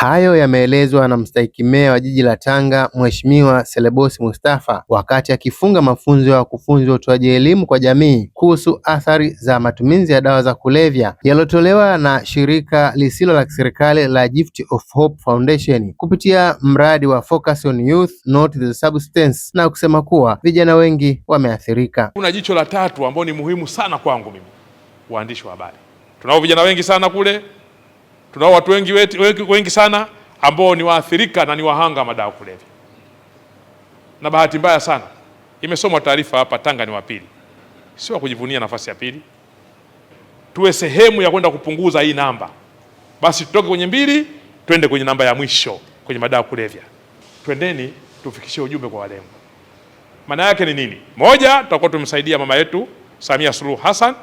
Hayo yameelezwa na mstahiki meya wa jiji la Tanga Mheshimiwa selebosi Mustafa wakati akifunga mafunzo ya wakufunzi utoaji elimu kwa jamii kuhusu athari za matumizi ya dawa za kulevya yaliyotolewa na shirika lisilo la kiserikali la Gift of Hope Foundation kupitia mradi wa Focus on Youth Not the Substance, na kusema kuwa vijana wengi wameathirika. Kuna jicho la tatu ambao ni muhimu sana kwangu mimi, waandishi wa habari, tunao vijana wengi sana kule Tunao watu wengi, wengi, wengi sana ambao ni waathirika na ni wahanga madawa kulevya, na bahati mbaya sana imesomwa taarifa hapa Tanga ni wa pili, sio wa kujivunia nafasi ya pili. Tuwe sehemu ya kwenda kupunguza hii namba, basi tutoke kwenye mbili twende kwenye namba ya mwisho kwenye madawa kulevya. Twendeni tufikishie ujumbe kwa walengwa. Maana yake ni nini? Moja, tutakuwa tumsaidia mama yetu Samia Suluhu Hassan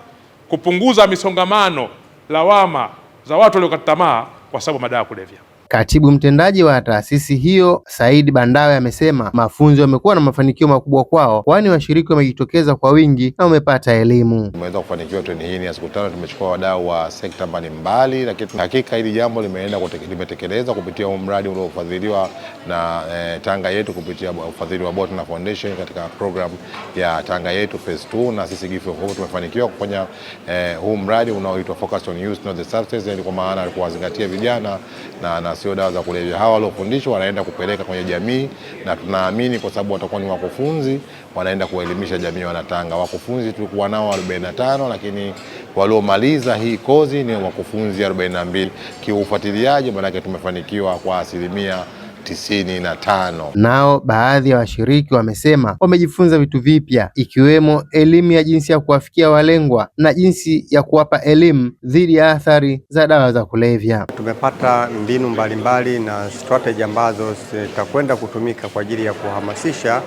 kupunguza misongamano, lawama za watu waliokata tamaa kwa sababu madawa ya kulevya. Katibu mtendaji wa taasisi hiyo Said Bandawe amesema mafunzo yamekuwa na mafanikio makubwa kwao, kwani washiriki wamejitokeza kwa wingi na wamepata elimu. Tumeweza kufanikiwa treni hii ni ya siku tano, tumechukua wadau wa sekta mbalimbali, lakini hakika hili jambo limeenda limetekelezwa kupitia huu mradi uliofadhiliwa na eh, Tanga yetu kupitia ufadhili wa Botna Foundation katika program ya Tanga yetu phase 2 na sisi GIF tumefanikiwa kufanya eh, huu mradi unaoitwa Focus on Youth Not the Substance, yani kwa maana alikuwa vijana na, na sio dawa za kulevya. Hawa waliofundishwa wanaenda kupeleka kwenye jamii, na tunaamini kwa sababu watakuwa ni wakufunzi, wanaenda kuelimisha jamii Wanatanga. Wakufunzi tulikuwa nao 45 lakini waliomaliza hii kozi ni wakufunzi 42. Kiufuatiliaji, maanake tumefanikiwa kwa asilimia tisini na tano. Nao baadhi ya wa washiriki wamesema wamejifunza vitu vipya ikiwemo elimu ya jinsi ya kuwafikia walengwa na jinsi ya kuwapa elimu dhidi ya athari za dawa za kulevya. Tumepata mbinu mbalimbali na strategy ambazo zitakwenda kutumika kwa ajili ya kuhamasisha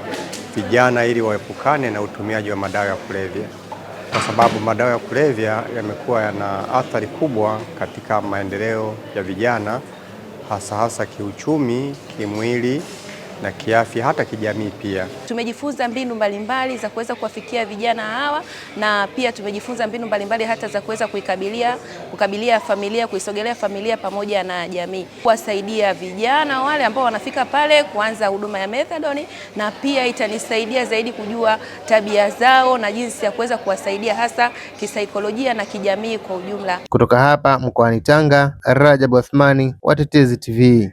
vijana ili waepukane na utumiaji wa madawa ya kulevya kwa sababu madawa ya kulevya yamekuwa yana athari kubwa katika maendeleo ya vijana hasa hasa kiuchumi, kimwili na kiafya hata kijamii pia. Tumejifunza mbinu mbalimbali za kuweza kuwafikia vijana hawa na pia tumejifunza mbinu mbalimbali hata za kuweza kuikabilia kukabilia familia, kuisogelea familia pamoja na jamii, kuwasaidia vijana wale ambao wanafika pale kuanza huduma ya methadone, na pia itanisaidia zaidi kujua tabia zao na jinsi ya kuweza kuwasaidia hasa kisaikolojia na kijamii kwa ujumla. Kutoka hapa mkoani Tanga, Rajabu Athmani, Watetezi TV.